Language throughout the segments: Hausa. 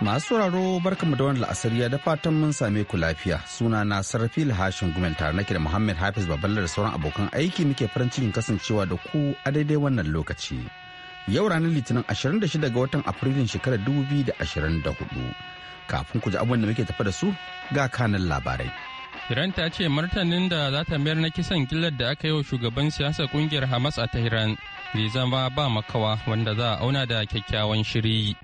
Masu sauraro barkamu da wani la'asariya da fatan mun same ku lafiya. Suna na sarfi lahashin gumel tare nake da Muhammad Hafiz Baballa da sauran abokan aiki muke farin cikin kasancewa da ku a daidai wannan lokaci. Yau ranar Litinin 26 ga watan Afrilun shekarar 2024. Kafin ku ji abin da muke tafa da su ga kanan labarai. Iran ta ce martanin da za ta mayar na kisan gillar da aka yi wa shugaban siyasa kungiyar Hamas a Tehran zai zama ba makawa wanda za a auna da kyakkyawan shiri.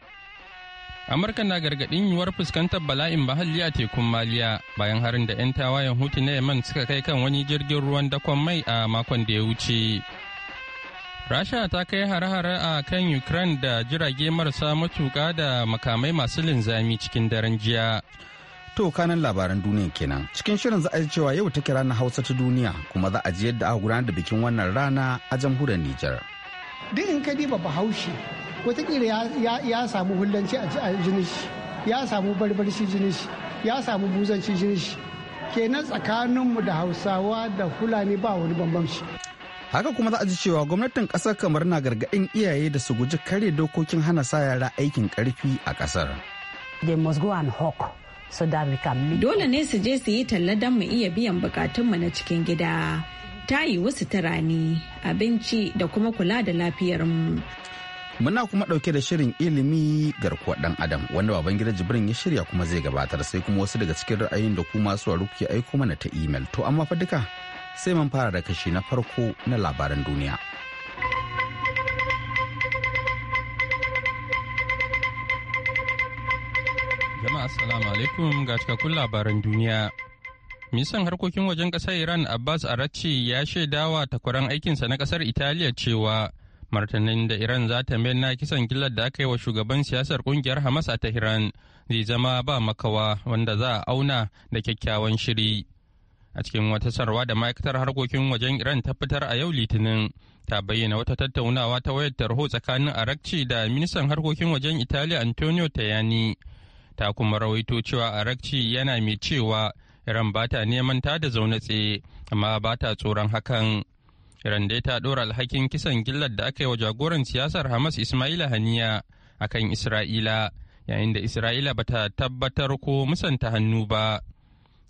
amurka na gargaɗin yiwuwar fuskantar bala'in bahalli a tekun maliya bayan harin da 'yan tawayen hutu na yaman suka kai kan wani jirgin ruwan dakon mai a makon da ya wuce rasha ta kai hare-hare a kan ukraine da jirage marasa matuƙa da makamai masu linzami cikin daren jiya to kanan labaran duniya kenan cikin shirin za a ji cewa yau take ranar hausa ta duniya kuma za a ji yadda aka gudanar da bikin wannan rana a jamhuriyar nijar duk in ka diba bahaushe watakila ya samu hullanci a jinin shi ya samu barbarci jinin shi ya samu buzanci jinin shi kenan tsakaninmu da hausawa da fulani ba wani bambamci haka kuma za a ji cewa gwamnatin kasar kamar na gargaɗin iyaye da su guji kare dokokin hana sa yara aikin karfi a kasar dole ne su je su yi talla don mu iya biyan bukatun mu na cikin gida ta yi wasu tarani abinci da kuma kula da lafiyar mu. Muna kuma ɗauke da shirin ilimi garkuwar ɗan adam wanda baban gida jibrin ya shirya kuma zai gabatar sai kuma wasu daga cikin ra'ayin da kuma masu a ke aiko mana ta imel. To amma fa duka sai man fara da kashi na farko na labaran duniya. Jama'a assalamu alaikum ga cikakkun labaran duniya. Ministan harkokin wajen ƙasar Iran Abbas Arachi ya shaidawa takwaran aikinsa na ƙasar Italiya cewa martanin da iran za ta mayar na kisan gilar da aka yi wa shugaban siyasar kungiyar hamas a tehran zai zama ba makawa wanda za a auna da kyakkyawan shiri a cikin wata sarwa da ma'aikatar harkokin wajen iran ta fitar a yau litinin ta bayyana wata tattaunawa ta wayar tarho tsakanin arakci da ministan harkokin wajen italiya antonio tayani ta kuma rawaito cewa arakci yana mai cewa iran ba ta neman ta da zaune tsaye amma ba ta tsoron hakan Iran dai ta dora alhakin kisan gillar da aka yi wa jagoran siyasar Hamas Ismaila Haniya a kan Isra'ila, yayin da Isra'ila ba ta tabbatar ko musanta hannu ba.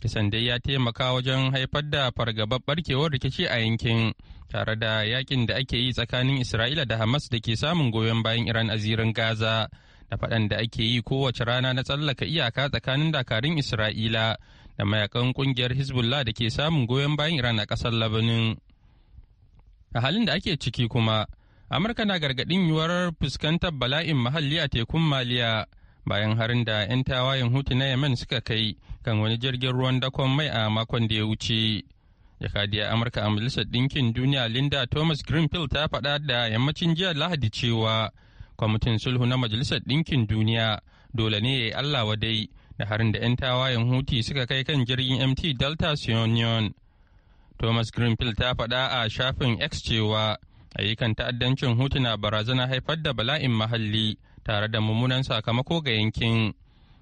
Kisan dai ya taimaka wajen haifar da fargabar barkewar rikici a yankin, tare da yakin da ake yi tsakanin Isra'ila da Hamas da ke samun goyon bayan Iran a zirin Gaza, da faɗan da ake yi kowace rana na tsallaka iyaka tsakanin dakarun Isra'ila da mayakan ƙungiyar Hezbollah da ke samun goyon bayan Iran a ƙasar Labanin. a halin da ake ciki kuma amurka na gargaɗin yiwuwar fuskantar bala'in muhalli a tekun maliya bayan harin da 'yan tawayen hutu na yemen suka kai kan wani jirgin ruwan dakon mai a makon da ya wuce jakadiyar amurka a majalisar ɗinkin duniya linda thomas greenfield ta faɗa da yammacin jiya lahadi cewa kwamitin sulhu na majalisar ɗinkin duniya dole ne ya yi allah wadai da harin da 'yan tawayen hutu suka kai kan jirgin mt delta sionion Thomas Greenfield ta faɗa a shafin X cewa ayyukan ta'addancin hutu na barazana haifar da bala'in mahalli tare da mummunan sakamako ga yankin.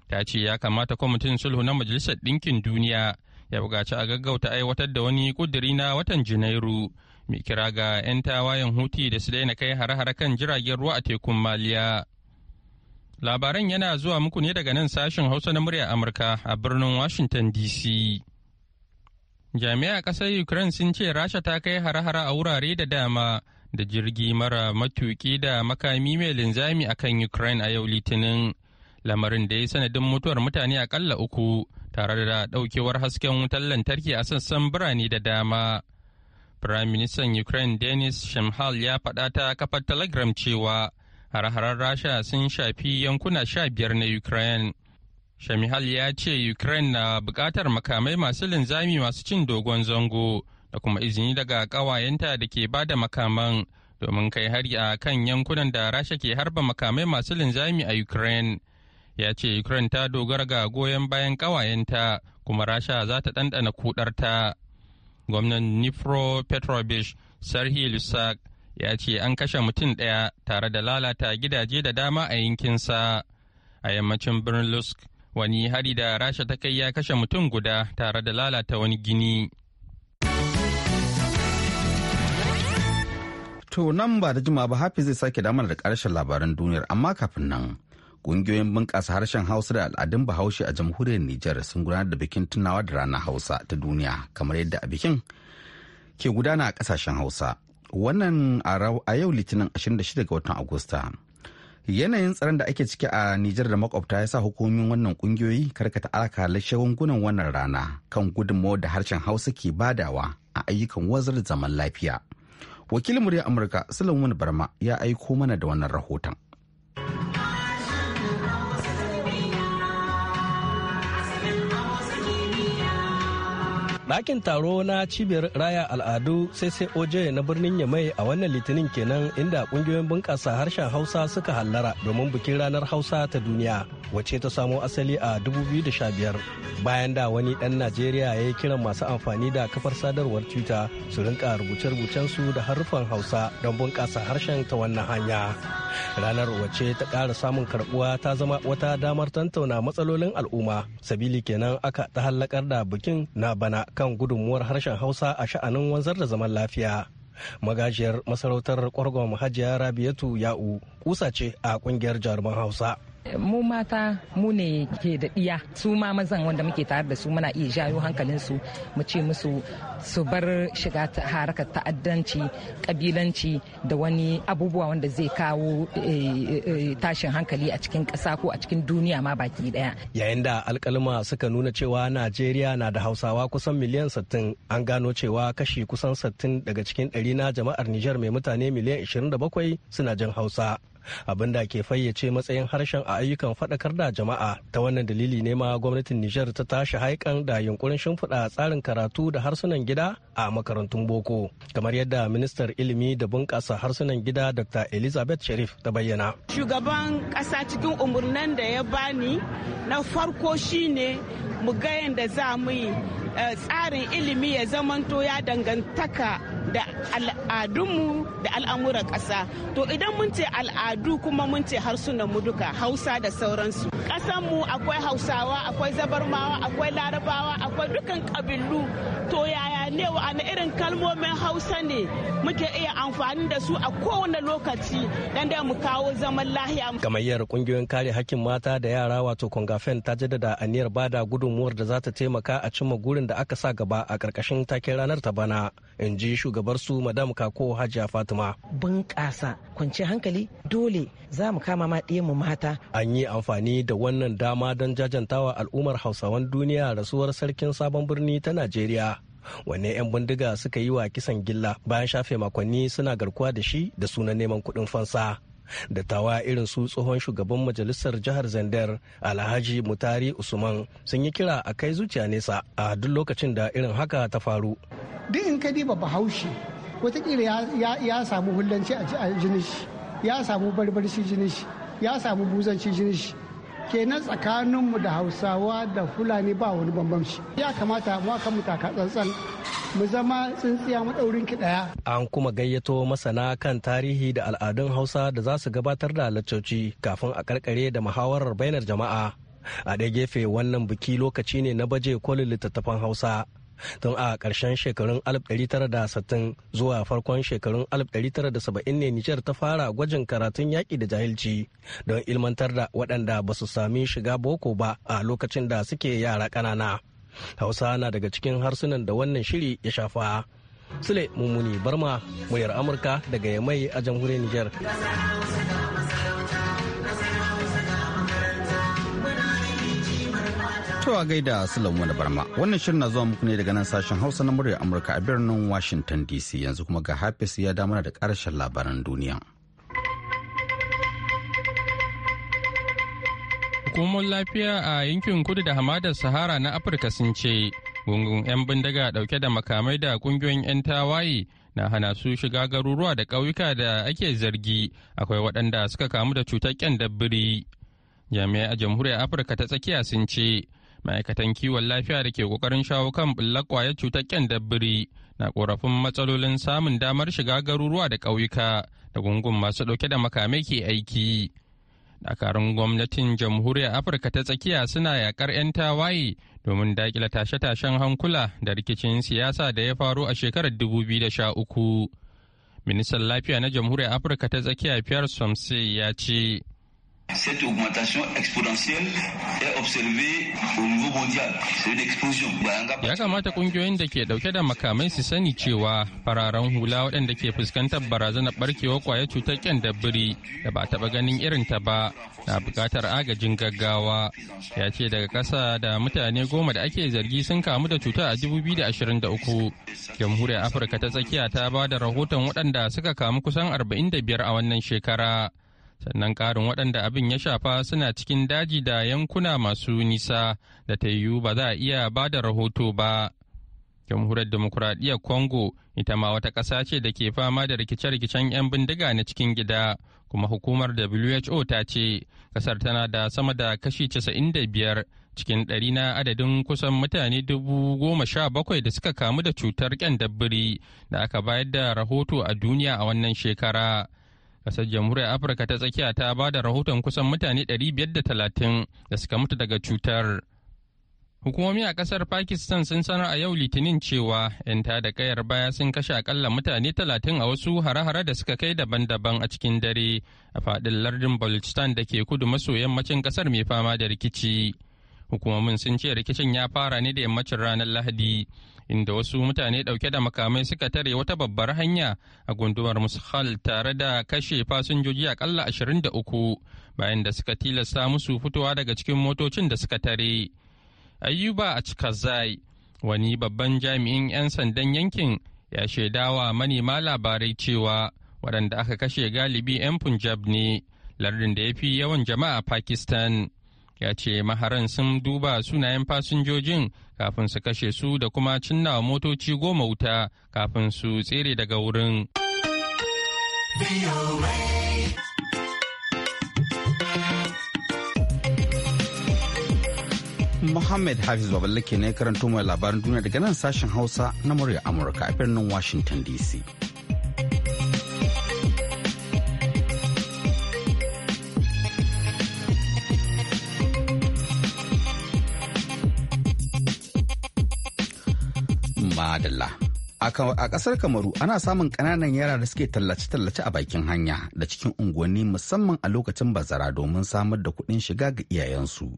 Ta ce ya kamata kwamitin sulhu na Majalisar Ɗinkin Duniya ya buƙaci a gaggauta aiwatar da wani ƙuduri na watan Janairu mai kira ga 'yan tawayen huti da su daina kai hare-hare kan jiragen ruwa a tekun Maliya. Labaran yana zuwa muku ne daga nan sashen Hausa na murya Amurka a birnin Washington DC. Jami'a ƙasar Ukraine sun ce Rasha ta kai hare-hare a wurare da dama da jirgi mara matuki da makami mai linzami a kan Ukraine a yau Litinin. Lamarin da ya sanadin mutuwar mutane akalla uku tare da ɗaukewar hasken wutar lantarki a sassan birane da dama. Firaministan Ukraine Denis Shemhal ya faɗa ta kafar Telegram cewa hare-haren Rasha sun shafi yankuna sha biyar na Ukraine. Shamihal ya ce Ukraine na bukatar makamai masu linzami masu cin dogon zango da kuma izini daga ƙawayenta da ke ba da makaman domin kai hari a kan yankunan da Rasha ke harba makamai masu linzami a Ukraine. Ya ce Ukraine ta dogara ga goyon bayan ƙawayenta kuma Rasha za ta ɗanɗana kudarta. Gwamnan Nifro Petrovich Sarhi Lusak ya ce an kashe mutum ɗaya tare da lalata gidaje da dama a yankinsa. A yammacin birnin Lusk, wani hari da rasha ta kai ya kashe mutum guda tare da lalata wani gini to nan ba da jima ba hafi zai sake damar da karshen labaran duniyar amma kafin nan ƙungiyoyin bunƙasa harshen hausa da al'adun bahaushe a jamhuriyar nijar sun gudanar da bikin tunawa da ranar hausa ta duniya kamar yadda a bikin ke gudana a ƙasashen hausa wannan a yau litinin 26 ga watan agusta yanayin tsaron da ake ciki a Nijar da makwabta ya sa hukumomin wannan kungiyoyi karkata alkalar shagungunan wannan rana kan gudunmawar da harshen Hausa ke badawa a ayyukan wazar zaman lafiya. Wakilin murya Amurka Sulaiman Barma ya aiko mana da wannan rahoton. ɗakin taro na cibiyar raya al'adu sai sai oje na birnin yamai a wannan litinin kenan inda ƙungiyoyin bunƙasa harshen hausa suka hallara domin bikin ranar hausa ta duniya wacce ta samo asali a 2015 bayan da wani dan najeriya ya yi kiran masu amfani da kafar sadarwar twitter su rinka rubuce-rubucen su da haruffan hausa don bunƙasa harshen ta wannan hanya ranar wacce ta ƙara samun karbuwa ta zama wata damar tantauna matsalolin al'umma sabili kenan aka ta hallakar da bikin na bana kan gudunmuwar harshen hausa a sha'anin wanzar da zaman lafiya magajiyar masarautar kwargon hajiya rabiatu ya'u kusa ce a kungiyar jaruman hausa mu mata mu ne ke da iya su ma mazan wanda muke tare da su muna iya jayo hankalinsu mu ce musu su bar shiga harkar ta'addanci kabilanci da wani abubuwa wanda zai kawo eh, eh, eh, tashin hankali a cikin ƙasa ko a cikin duniya ma baki daya yayin da alkalma suka nuna cewa najeriya na da hausawa kusan miliyan 60 an gano cewa kashi kusan 60 daga cikin ɗari na jama'ar nijar mai mutane miliyan 27 suna jin hausa abin da ke fayyace matsayin harshen a ayyukan faɗakar da jama'a ta wannan dalili ne ma gwamnatin nijar ta tashi haikan da yunkurin shimfiɗa tsarin karatu da harsunan gida a makarantun boko kamar yadda ministar ilimi da bunƙasa harsunan gida dr elizabeth sharif ta bayyana shugaban ƙasa cikin umurnan da ya bani na farko shine mu ga yadda za mu yi eh, tsarin ilimi ya zamanto ya dangantaka da al'adunmu da al'amuran ƙasa to idan mun ce al'adu kuma mun ce harsunan mu duka hausa da sauransu ƙasanmu akwai hausawa akwai zabarmawa akwai larabawa akwai dukan ƙabilu to yaya ne wani irin kalmomin hausa ne muke iya amfani da su a kowane lokaci dan da mu kawo zaman lahiya. kamar kungiyoyin kare hakkin mata da yara wato kongafen ta jaddada aniyar bada gudunmuwar da za ta taimaka a cimma gurin da aka sa gaba a karkashin taken ranar ta bana in ji shugabar su madam kako hajiya fatima. bunƙasa kwanci hankali dole za mu kama ma mu mata. an yi amfani da wannan dama don jajantawa al'ummar hausawan duniya rasuwar sarkin sabon birni ta najeriya wanne 'yan bindiga suka yi wa kisan gilla bayan shafe makonni suna garkuwa da shi da sunan neman kuɗin fansa dattawa irin su tsohon shugaban majalisar jihar zandar alhaji mutari usman sun yi kira a kai zuciya nesa a duk lokacin da irin haka ta faru duk in ka diba bahaushe watakila ya samu hullanci a shi, ya samu barbarci jinishi ya samu buzanci kenan tsakaninmu da hausawa da fulani ba wani bambamci ya kamata mu kan mutaka tsantsan mu zama tsintsiya maɗaurin ki ɗaya. An kuma gayyato masana kan tarihi da al'adun Hausa da za su gabatar da laccoci kafin a karkare da muhawarar bainar jama'a. A ɗaya gefe wannan biki lokaci ne na baje kolin littattafan Hausa tun a ƙarshen shekarun 1960 zuwa farkon shekarun 1970 ne nijar ta fara gwajin karatun yaƙi da jahilci don ilmantar da waɗanda ba su sami shiga boko ba a lokacin da suke yara ƙanana hausa na daga cikin harsunan da wannan shiri ya shafa sule mummuni barma muryar amurka daga yamai a jamhuriyar nijar To a gaida Sulaimu wani barma. Wannan shirin na zuwa muku ne daga nan sashen Hausa na muryar Amurka a birnin Washington DC yanzu kuma ga Hafiz ya damar da karshen labaran duniya. Hukumar lafiya a yankin kudu da hamadar Sahara na Afirka sun ce gungun 'yan bindiga dauke da makamai da kungiyoyin 'yan tawaye na hana su shiga garuruwa da ƙauyuka da ake zargi akwai waɗanda suka kamu da cutar ƙyan dabbiri. Jami'ai a jamhuriyar Afirka ta tsakiya sun ce ma'aikatan kiwon lafiya da ke kokarin shawo kan bullar kwayar cutar dabbiri na korafin matsalolin samun damar shiga garuruwa da ƙauyuka da gungun masu ɗauke da makamai ke aiki dakarun gwamnatin jamhuriyar afirka ta tsakiya suna yakar 'yan tawaye domin daƙila tashe-tashen hankula da rikicin siyasa da ya faru a shekarar 2013 ministan lafiya na jamhuriyar afirka ta tsakiya pierre somse ya ce Cette augmentation exponentielle est observée au niveau mondial. C'est une explosion. Ya kamata kungiyoyin da ke dauke da makamai su sani cewa fararen hula waɗanda ke fuskantar barazanar barkewar kwayar cutar ƙyan dabbiri da ba taɓa ganin irin ta ba na buƙatar agajin gaggawa. Ya ce daga ƙasa da mutane goma da ake zargi sun kamu da cuta a 2023. Jamhuriyar Afirka ta tsakiya ta ba da rahoton waɗanda suka kamu kusan 45 a wannan shekara. sannan karin waɗanda abin ya shafa suna cikin daji da yankuna masu nisa da ta yiwu ba za a iya ba da rahoto ba jamhuriyar demokuraɗiyyar kongo ita ma wata ƙasa ce da ke fama da rikice-rikicen 'yan bindiga na cikin gida kuma hukumar who ta ce ƙasar tana da sama da kashi casa'in da biyar cikin ɗari na adadin kusan mutane dubu goma sha bakwai da suka kamu da cutar ƙyan dabbiri da aka bayar da rahoto a duniya a wannan shekara. Kasar Jamhuriyar Afirka ta tsakiya ta ba da rahoton kusan mutane 530 da suka mutu daga cutar. Hukumomi a kasar Pakistan sun sanar a yau Litinin cewa 'yan da kayar baya sun kashe akalla mutane 30 a wasu hare-hare da suka kai daban-daban a cikin dare a fadin lardin Balochistan da ke kudu maso yammacin kasar mai fama da rikici. Hukumomin sun ce rikicin ya fara ne da yammacin ranar Lahadi. inda wasu mutane dauke da makamai suka tare wata babbar hanya a gundumar mushal tare da kashe fasinjoji akalla 23 bayan da suka tilasta musu fitowa daga cikin motocin da suka tare ayyuba a cikazai wani babban jami'in 'yan sandan yankin ya shaidawa manema labarai cewa waɗanda aka kashe galibi 'yan punjab ne lardin da ya fi yawan jama'a pakistan ya ce maharan sun duba sunayen fasinjojin kafin su kashe su da kuma cinna motoci goma wuta kafin su tsere daga wurin. Muhammad Hafiz na ne karanto mai labaran duniya daga nan sashen Hausa na murya Amurka a birnin Washington DC. adalla. A kasar Kamaru ana samun ƙananan yara da suke tallace-tallace a bakin hanya da cikin unguwanni musamman a lokacin bazara domin samar da kuɗin shiga ga iyayensu.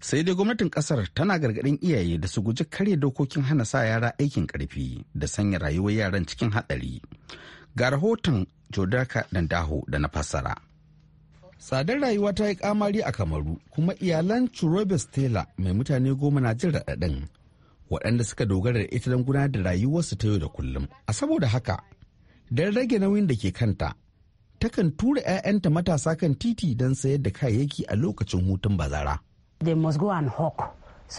Sai dai gwamnatin ƙasar tana gargaɗin iyaye da su guji karya dokokin hana sa yara aikin ƙarfi da sanya rayuwar yaran cikin hatsari. Ga rahoton Jodaka Dandaho da na fassara. Tsadar rayuwa ta yi kamari a Kamaru kuma iyalan Churobes Taylor mai mutane goma na jin raɗaɗin waɗanda suka dogara da ita don gudanar da rayuwarsu ta yau da kullum. A saboda haka, don rage nauyin da ke kanta, takan tura 'ya'yanta matasa kan titi don sayar da kayayyaki a lokacin hutun bazara. They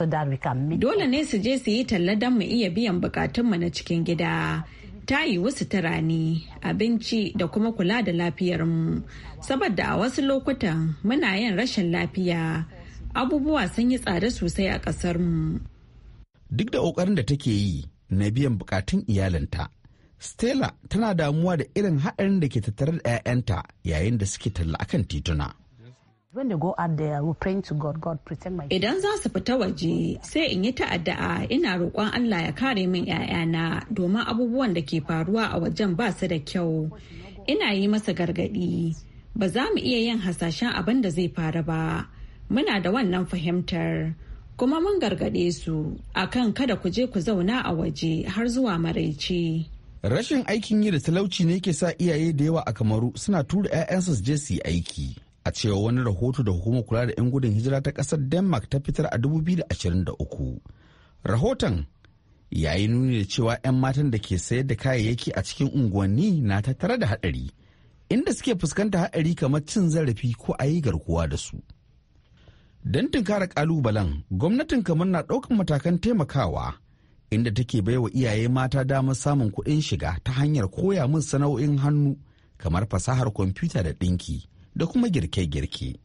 Dole ne su je su yi talla don mu iya biyan bukatunmu na cikin gida. ta yi wasu turani abinci da kuma kula da lafiyar mu saboda a wasu lokutan muna yin rashin lafiya abubuwa sun yi tsada sosai a mu. duk da ƙoƙarin da take yi na biyan bukatun iyalinta stella tana damuwa da irin haɗarin da ke tattare da 'ya'yanta yayin da suke talla akan tituna Idan za su fita waje sai in yi ta'adda'a ina roƙon Allah ya kare min 'ya'yana domin abubuwan da ke faruwa a wajen ba su da kyau. Ina yi masa gargaɗi ba za mu iya yin hasashen abin da zai faru ba. Muna da wannan fahimtar. kuma mun gargaɗe su a kan kada ku je ku zauna a waje har zuwa maraice. Rashin aikin yi da talauci ne ke sa iyaye da yawa a Kamaru suna tura 'ya'yansu su je su yi aiki. A cewa wani rahoto da hukumar kula da 'yan gudun hijira ta ƙasar Denmark ta fitar a 2023. Rahoton ya yi nuni da cewa 'yan matan da ke sayar da kayayyaki a cikin unguwanni na tattare da haɗari, inda suke fuskanta haɗari kamar cin zarafi ko a yi garkuwa da su. Don tunkara kalubalen gwamnatin kamar na ɗaukan matakan taimakawa inda take baiwa iyaye mata damar samun kuɗin shiga ta hanyar koya min sana'o'in hannu kamar fasahar kwamfuta da ɗinki da kuma girke-girke.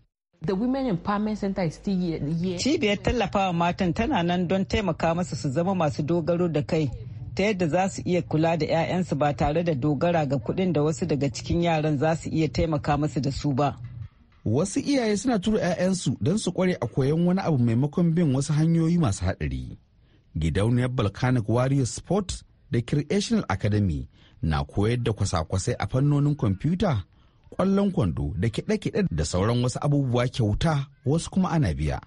Cibiyar tallafawa matan tana nan don taimaka masu su zama masu dogaro da kai ta yadda za su iya kula da 'ya'yansu ba tare da dogara ga kuɗin da wasu daga cikin yaran za su iya taimaka masu da su ba. wasu iyaye suna tura 'ya'yansu don su kware a koyon wani abu maimakon bin wasu hanyoyi masu haɗari gidauniyar volcanic warrior sport da creational academy na koyar da kwasa-kwasai a fannonin kwamfuta ƙwallon kwando da kiɗe-kiɗe da sauran wasu abubuwa kyauta wasu kuma ana biya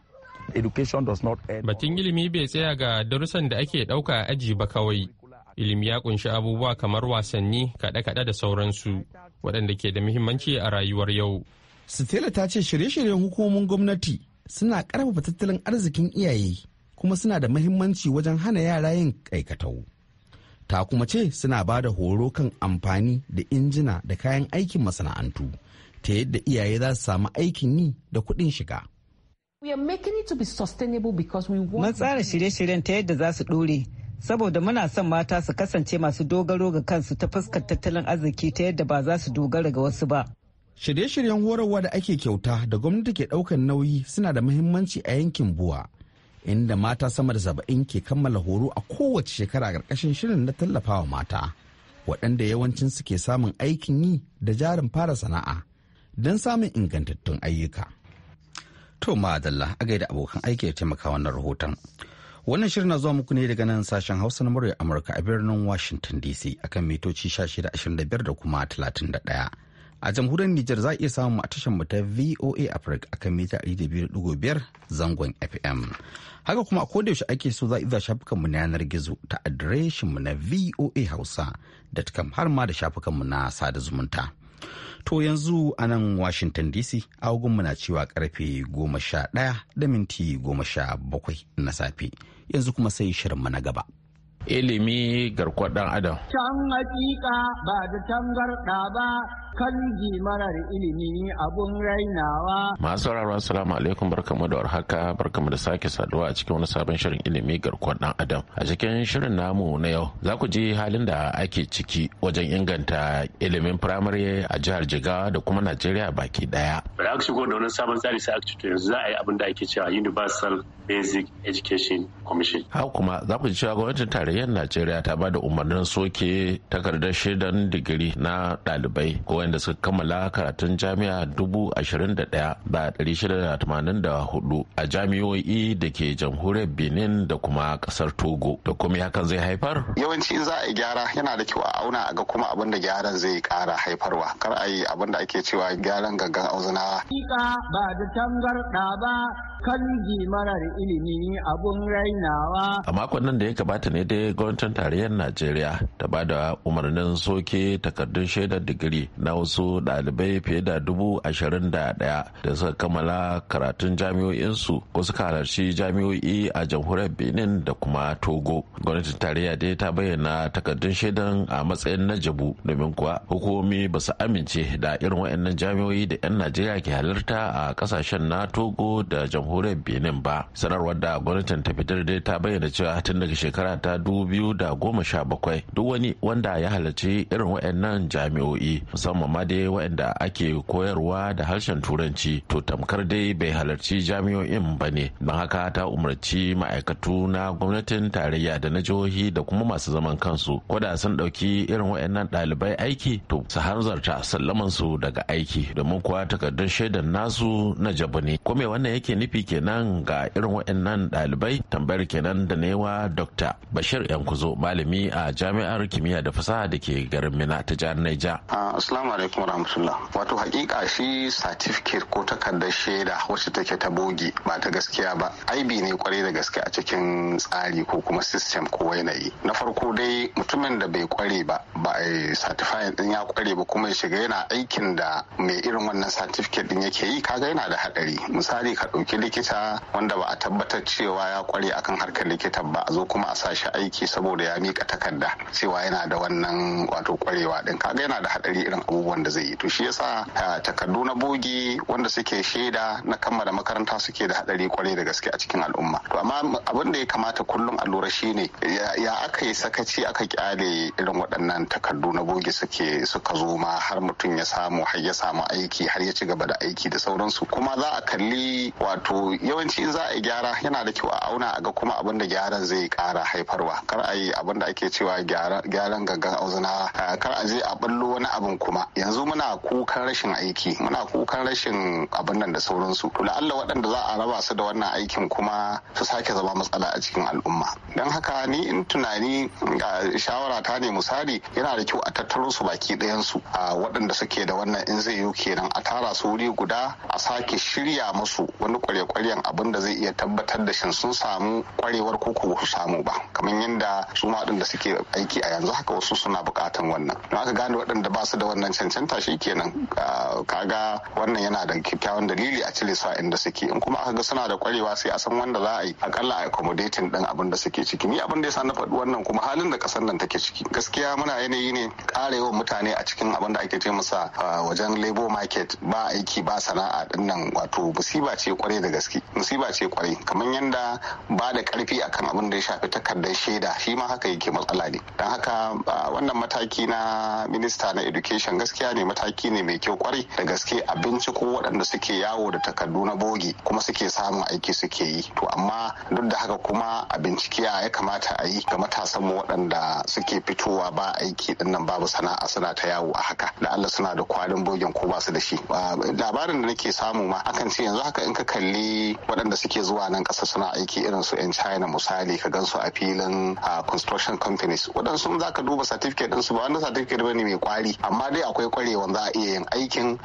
batun ilimi bai tsaya ga darussan da ake ɗauka a aji ba kawai ilimi ya ƙunshi abubuwa kamar wasanni kaɗe-kaɗe da sauransu waɗanda ke da muhimmanci a rayuwar yau Stella ta ce shirye-shiryen hukumomin gwamnati suna karfafa tattalin arzikin iyaye kuma suna da mahimmanci wajen hana yara yin aikatau. Ta kuma ce suna ba da horo kan amfani da injina da kayan aikin masana'antu ta yadda iyaye za su samu aikin yi da kuɗin shiga. Mun tsara shirye-shiryen ta yadda za su ɗore, saboda muna son mata su kasance masu dogaro ga kansu ta fuskar tattalin arziki ta yadda ba za su dogara ga wasu ba. Shirye-shiryen horarwa da ake kyauta da gwamnati ke ɗaukan nauyi suna da muhimmanci a yankin Buwa, inda mata sama da saba'in ke kammala horo a kowace shekara ƙarƙashin shirin na tallafawa mata, waɗanda yawancin suke samun aikin yi da jarin fara sana'a don samun ingantattun ayyuka. To ma'adalla a gaida abokan aiki da taimaka wannan rahoton. Wannan shirin na zuwa muku ne daga nan sashen Hausa na murya Amurka a birnin Washington DC akan mitoci 1625 da kuma 31. A jamhuriyar Nijar za a iya samun a tashar mu ta VOA Africa akan mita 200.5 zangon FM. Haka kuma ko da yaushe ake so za a iya shafukan mu na yanar gizo ta adireshin mu na voa voahausa.com har ma da shafukan mu na sada zumunta. To yanzu a nan Washington DC mu na cewa karfe 11 da minti 17 na safe. Yanzu kuma sai shirin mu na gaba. Ilimi garkuwar ɗan adam. Can hakika ba da tangarɗa ba kanji mana da ilimi abun rainawa. Masu sauraro assalamu alaikum barkamu da warhaka barkamu da sake saduwa a cikin wani sabon shirin ilimi garkuwar dan adam. A cikin shirin namu na yau za ku ji halin da ake ciki wajen inganta ilimin firamare a jihar Jigawa da kuma Najeriya baki daya. Ba aka shigo da wani sabon tsari sai aka yanzu za a yi abin da ake cewa Universal Basic Education Commission. Haka kuma za ku ji cewa gwamnatin tarayyar Najeriya ta ba da umarnin soke takardar shaidan digiri na ɗalibai ko wayanda suka kammala karatun jami'a dubu ashirin da ɗaya da ɗari shida da tamanin da hudu a jami'o'i da ke jamhuriyar benin da kuma ƙasar togo da kuma hakan zai haifar yawanci in za a yi gyara yana da kyau a auna a ga kuma abin da gyaran zai ƙara haifarwa kar a yi abin da ake cewa gyaran gangan auzunawa. ba da tangarɗa ba kanji marar ilimi abun rainawa. A makon nan da ya gabata ne dai gwamnatin tarayyar Najeriya ta ba da umarnin soke takardun shaidar digiri na wasu ɗalibai fiye da dubu ashirin da ɗaya da suka kammala karatun jami'o'insu ko suka halarci jami'o'i a jamhuriyar Benin da kuma Togo. Gwamnatin tarayya dai ta bayyana takardun shaidan a matsayin na jabu domin kuwa hukumomi ba su amince da irin waɗannan jami'o'i da 'yan Najeriya ke halarta a ƙasashen na Togo da jamhuriyar jamhuriyar benin ba sanarwar da gwamnatin ta fitar dai ta bayyana cewa tun daga shekara ta dubu da goma sha bakwai duk wani wanda ya halarci irin wa'annan jami'o'i musamman ma dai wa'anda ake koyarwa da harshen turanci to tamkar dai bai halarci jami'o'in ba ne don haka ta umarci ma'aikatu na gwamnatin tarayya da na jihohi da kuma masu zaman kansu da sun ɗauki irin wa'annan ɗalibai aiki to su hanzarta sallaman su daga aiki domin kuwa takardun shaidar nasu na jabu ne ko me wannan yake nufi rigakafi kenan ga irin waɗannan ɗalibai tambayar kenan da newa dr bashir yankuzo malami a jami'ar kimiyya da fasaha da ke garin mina ta jihar naija ah, assalamu alaikum rahmatullah wato hakika shi certificate ko takardar shaida wacce take ta bogi ba ta gaskiya ba aibi ne kwarai da gaske a cikin tsari ko kuma system ko yanayi na farko dai mutumin da bai kware ba ba a satifayin din ya kware ba kuma ya shiga yana aikin da mai irin wannan satifiket din yake yi kaga yana da hadari misali ka ɗauki likita wanda ba a tabbatar cewa ya kware akan harkar likitan ba a zo kuma a sa shi aiki saboda ya mika takarda cewa yana da wannan wato kwarewa din kaga yana da hadari irin abubuwan da zai yi to shi yasa takardu na bogi wanda suke shaida na kammala makaranta suke da hadari kwarai da gaske a cikin al'umma to amma abin da ya kamata kullum a lura shine ya aka yi sakaci aka kyale irin waɗannan takardu na bogi suke suka zo ma har mutum ya samu har ya samu aiki har ya ci gaba da aiki da sauransu kuma za a kalli wato yawanci in za a yi gyara yana da kyau a auna a ga kuma abin da gyaran zai kara haifarwa kar a yi abin da ake cewa gyaran gangan auzuna eh, kar a je a ballo wani abin kuma yanzu muna kukan rashin aiki muna kukan rashin abin nan da sauransu to la'alla waɗanda za a raba su da wannan aikin kuma su sake zama matsala a cikin al'umma don haka ni in tunani shawara ta ne misali yana da kyau a tattaro su baki ɗayansu a waɗanda suke da wannan in zai yi kenan a tara su wuri guda a sake shirya musu wani kware kwaryan abin da zai iya tabbatar da shin sun samu kwarewar koko ba su samu ba kamar yadda su ma da suke aiki a yanzu haka wasu suna bukatan wannan don aka gane waɗanda ba su da wannan cancanta shi kenan ah, kaga wannan yana da kyakkyawan dalili a cire sa inda suke in kuma aka ga suna da kwarewa sai a san wanda za a yi akalla a accommodating din abin da suke ciki ni abin da ya sa na faɗi wannan kuma halin da kasar nan take ciki gaskiya muna yanayi ne ƙara yawan mutane a cikin abin da ake ce masa ah, wajen labor market ba aiki ba sana'a nan wato musiba ce kwarai daga gaske musiba ce kwarai kamar yadda ba da karfi akan abin da ya shafi takardar shaida shi ma haka yake matsala ne don haka wannan mataki na minista na education gaskiya ne mataki ne mai kyau kwarai da gaske a ko waɗanda suke yawo da takardu na bogi kuma suke samun aiki suke yi to amma duk da haka kuma a bincike ya kamata a yi ga matasan mu waɗanda suke fitowa ba aiki din nan babu sana'a suna ta yawo a haka da Allah suna da kwalin bogin ko ba su da shi labarin da nake samu ma akan ce yanzu haka in ka kalli misali waɗanda suke zuwa nan ƙasa suna aiki irin su in china misali ka gan su a filin construction companies waɗansu za ka duba certificate ɗinsu ba wanda certificate ba ne mai kwari amma dai akwai kwarewan za a iya yin aikin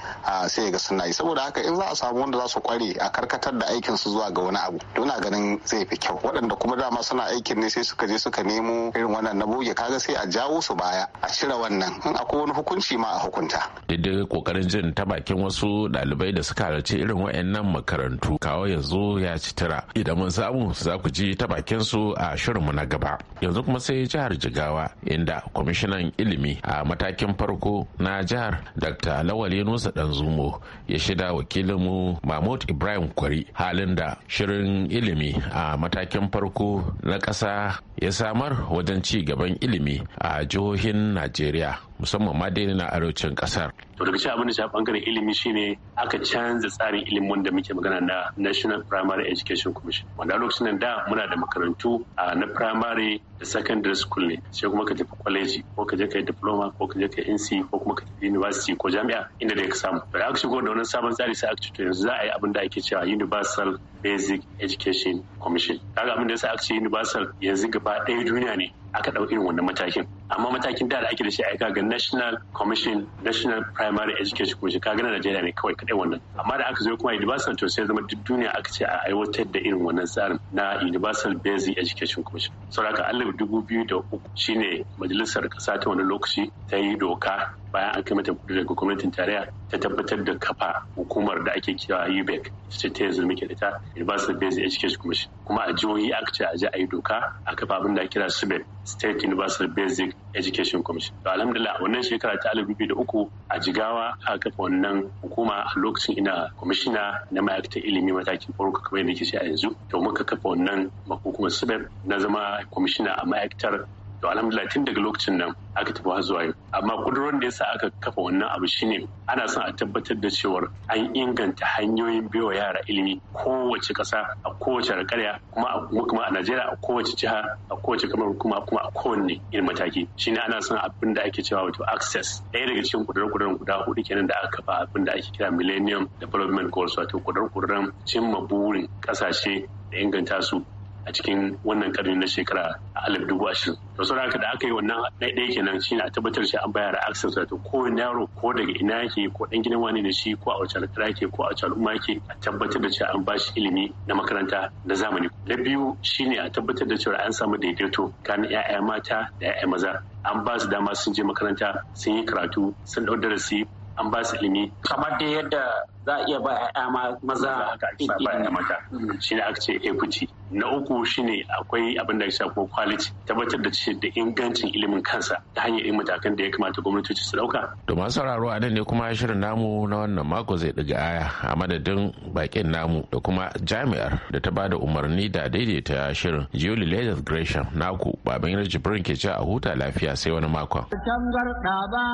sai ga suna yi saboda haka in za a samu wanda za su kware a karkatar da aikin su zuwa ga wani abu to ina ganin zai fi kyau waɗanda kuma dama suna aikin ne sai suka je suka nemo irin wannan na boge kaga sai a jawo su baya a cire wannan in akwai wani hukunci ma a hukunta daidai kokarin jin ta bakin wasu ɗalibai da suka halarci irin wayannan makarantu kawo yanzu ya ci tira idan mun samu za ku ji ta bakin su a mu na gaba yanzu kuma sai jihar jigawa inda kwamishinan ilimi a matakin farko na jihar dr lawale nusa danzumo ya shida wakilinmu mahmud ibrahim kwari halin da shirin ilimi a matakin farko na ƙasa ya samar wajen ci gaban ilimi a jihohin najeriya musamman ma dai na arewacin kasar. To daga cikin abin da shafi bangaren ilimi shine aka canza tsarin ilimin da muke magana na National Primary Education Commission. Wanda lokacin da muna da makarantu a na primary da secondary school ne sai kuma ka tafi kwaleji ko ka je ka yi diploma ko ka je ka yi NC ko kuma ka tafi university ko jami'a inda da ka samu. Da aka shigo da wani sabon tsari sai aka ci to yanzu za a yi abin da ake cewa universal basic education commission kaga abin da yasa aka ce universal yanzu gaba ɗaya duniya ne aka ɗau irin wannan matakin amma matakin da ake da shi aika ga national commission national primary education commission kaga na najeriya ne kawai kaɗai wannan amma da aka zo kuma universal to sai zama duk duniya aka ce a aiwatar da irin wannan tsarin na universal basic education commission sauraka alif dubu biyu da uku shine majalisar ƙasa ta wani lokaci ta yi doka bayan an kai mata kudu daga gwamnatin tarayya ta tabbatar da kafa hukumar da ake kira ubec ita ce ta yanzu muke da ta University Based Education Commission kuma a jihohi aka ce a je a yi doka a kafa abin da kira SUBED State University Basic Education Commission. To alhamdulillah wannan shekara ta alif da uku a jigawa a kafa wannan hukuma a lokacin ina kwamishina na ma'aikatar ilimi matakin farko kamar yadda ke shi a yanzu. To muka kafa wannan hukumar SUBED na zama kwamishina a ma'aikatar to alhamdulillah tun daga lokacin nan aka tafi har zuwa yau amma kudurorin da yasa aka kafa wannan abu shine ana son a tabbatar da cewa an inganta hanyoyin biyo yara ilimi kowace kasa a kowace alƙarya kuma kuma a Najeriya a kowace jiha a kowace kamar kuma kuma a kowanne irin mataki shine ana son abin da ake cewa wato access ɗaya daga cikin kudurorin guda hudu kenan da aka kafa abin da ake kira millennium development goals wato kudurorin cimma burin kasashe da inganta su a cikin wannan karni na shekara a alif dubu ashirin da sauran haka da aka yi wannan daidai kenan shi na tabbatar shi an bayar access ko wani yaro ko daga ina yake ko ɗan gidan wani da shi ko a wace alƙara yake ko a wace al'umma yake a tabbatar da cewa an ba shi ilimi na makaranta na zamani na biyu shi ne a tabbatar da cewa an samu daidaito kan 'ya'ya mata da 'ya'ya maza an ba su dama sun je makaranta sun yi karatu sun ɗau darasi an ba su ilimi kamar da yadda za a iya ba 'ya'ya maza ilimi shi ne aka ce na uku shine akwai abin da ya shafi quality tabbatar da cewa da ingancin ilimin kansa ta hanyar yin matakan da ya kamata gwamnatoci su dauka to masu sauraro a nan ne kuma shirin namu na wannan mako zai ɗiga aya a madadin bakin namu da kuma jami'ar da ta bada umarni da daidaita shirin Julie Leather Gresham naku baban yarji jibrin ke ci a huta lafiya sai wani makon. Tangarɗa ba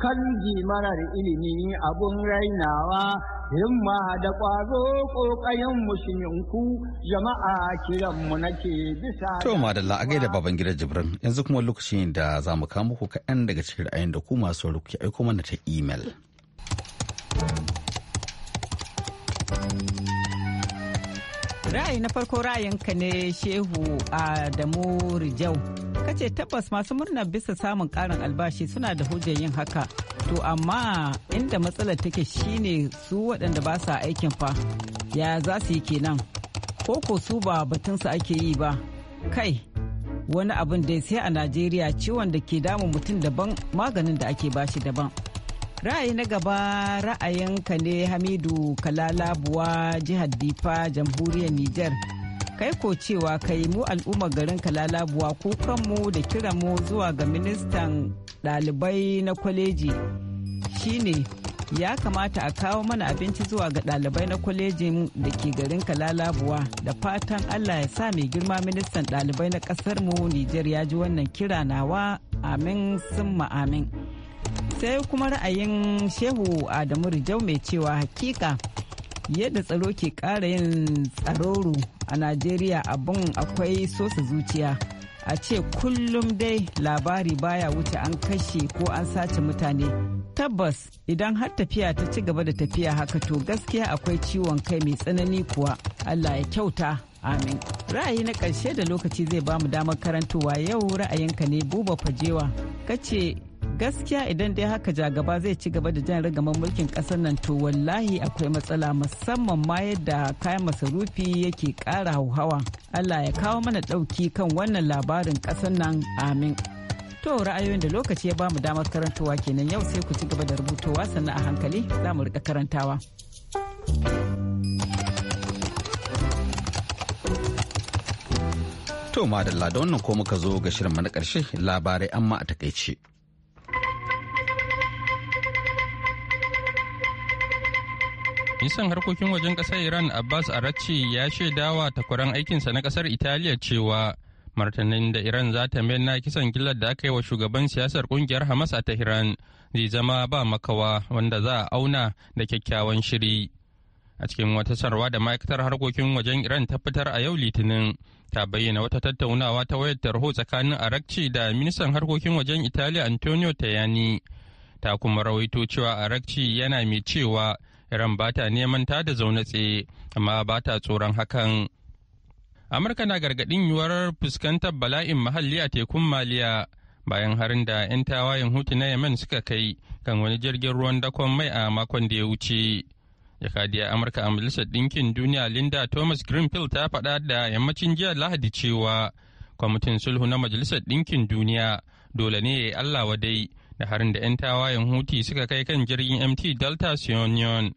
kan marar ilimi abun rainawa himma da ƙwazo ƙoƙayen musulminku jama'a kiranmu nake bisa. To da la'agai da baban gidan Jibrin yanzu kuma lokacin da za mu kawo muku kaɗan daga cikin ra'ayin da ku masu kuke aiko mana ta imel. ra'ayi na farko ra'ayinka ne shehu adamu rijau kace tabbas masu murnar bisa samun karin albashi suna da hujjar yin haka to amma inda matsalar take shine su waɗanda ba sa aikin fa ya za su yi kenan ko ko su ba batunsu ake yi ba kai wani abin da sai a najeriya ciwon da ke damun mutum daban maganin da ake bashi daban ra'ayi na gaba ra'ayinka ne hamidu kalalabuwa jihar difa jamhuriyar niger kai ko cewa kai mu al'umma garin kalalabuwa kukanmu da kiranmu zuwa ga ministan dalibai na kwaleji shine ya kamata a kawo mana abinci zuwa ga dalibai na kwalejin da ke garin kalalabuwa da fatan allah ya sa mai girma ministan dalibai na mu nijar ya ji wannan kira nawa amin sun amin. sai kuma ra'ayin shehu adamu rijau mai cewa hakika yadda tsaro ke ƙara yin tsaroro a najeriya abin akwai sosa zuciya a ce kullum dai labari baya wuce an kashe ko an sace mutane tabbas idan har tafiya ta ci gaba da tafiya haka to gaskiya akwai ciwon kai mai tsanani kuwa allah ya kyauta amin ra'ayi na ƙarshe da lokaci zai bamu damar karantowa yau ra'ayinka ne buba fajewa kace gaskiya idan dai haka jagaba zai ci gaba da jan rigaman mulkin kasar nan to wallahi akwai matsala musamman ma yadda kayan masarufi yake kara hauhawa allah ya kawo mana dauki kan wannan labarin kasar nan amin to ra'ayoyin da lokaci ya bamu damar karantawa kenan yau sai ku ci gaba da rubutowa sannan a hankali za mu rika karantawa To madalla da wannan ko muka zo ga shirin na ƙarshe labarai amma a takaice. ministan harkokin wajen kasar Iran Abbas Arachi ya shaidawa takwaran aikinsa na kasar Italiya cewa martanin da Iran za ta mayar na kisan gillar da aka yi wa shugaban siyasar kungiyar Hamas a Tehran zai zama ba makawa wanda za a auna da kyakkyawan shiri. A cikin wata sarwa da ma'aikatar harkokin wajen Iran ta fitar a yau Litinin ta bayyana wata tattaunawa ta wayar tarho tsakanin Arakci da ministan harkokin wajen Italiya Antonio Tajani. Ta kuma rawaito cewa Arakci yana mai cewa Iran ba ta neman ta da zaune tsaye amma ba ta tsoron hakan. Amurka na gargaɗin yiwuwar fuskantar bala'in mahalli a tekun Maliya bayan harin da 'yan tawayen hutu na Yemen suka kai kan wani jirgin ruwan dakon mai a makon da ya wuce. Jakadiyar Amurka a Majalisar Ɗinkin Duniya Linda Thomas Greenfield ta faɗa da yammacin jiya Lahadi cewa kwamitin sulhu na Majalisar Ɗinkin Duniya dole ne ya yi Allah wadai da harin da 'yan tawayen huti suka kai kan jirgin mt delta union.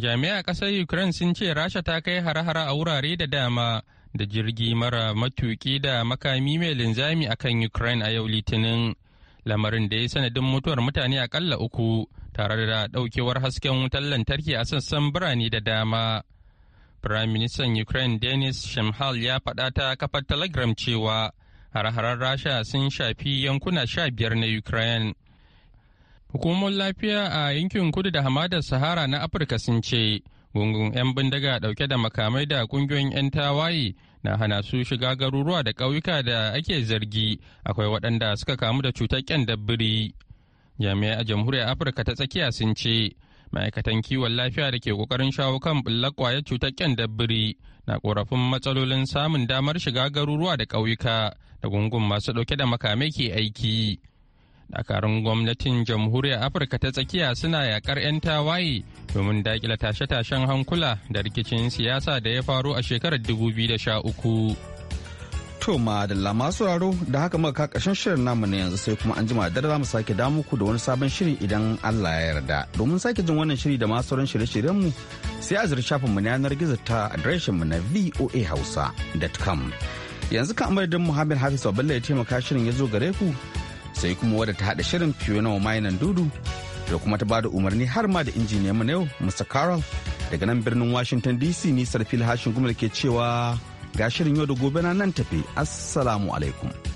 jami'a ƙasar ukraine sun ce rasha ta kai hare-hare a wurare da dama da jirgi mara matuki da makami mai linzami a kan ukraine a yau litinin lamarin da ya sanadin mutuwar mutane aƙalla uku tare da ɗaukewar hasken wutar lantarki a sassan birane da dama Firaministan Ukraine Denis Shemhal ya faɗa ta kafar Telegram cewa har-harar rasha sun shafi yankuna sha biyar na ukraine hukumomin lafiya a yankin kudu da hamadar sahara na afirka sun ce gungun 'yan bindiga dauke da makamai da kungiyoyin 'yan tawaye na hana su shiga garuruwa da kauyuka da ake zargi akwai waɗanda suka kamu da cutar dabbiri jami'ai a jamhuriyar afirka ta tsakiya sun ce ma'aikatan kiwon lafiya da ke kokarin shawo kan ɓullar ƙwayar cutar dabbiri na korafin matsalolin samun damar shiga garuruwa da ƙauyuka da gungun masu ɗauke da makamai ke aiki dakarun gwamnatin jamhuriyar afirka ta tsakiya suna yakar 'yan tawaye domin dakila tashe-tashen hankula da rikicin siyasa da ya faru a shekarar 2013 to ma da masu raro da haka muka ka kashin shirin namu ne yanzu sai kuma an jima da za mu sake damu ku da wani sabon shiri idan Allah ya yarda domin sake jin wannan shiri da masu sauran shirye-shiryen mu sai a shafin mu na yanar gizo ta adireshin mu na voahausa.com yanzu kan amadadin muhammad hafiz baballa ya taimaka shirin ya zo gare ku sai kuma wadda ta haɗa shirin fiona mainan dudu da kuma ta bada umarni har ma da injiniyan mu na yau mr carol daga nan birnin washington dc ni sarfil hashin gumar ke cewa ga shirin yau da gobe na nan tafi assalamu alaikum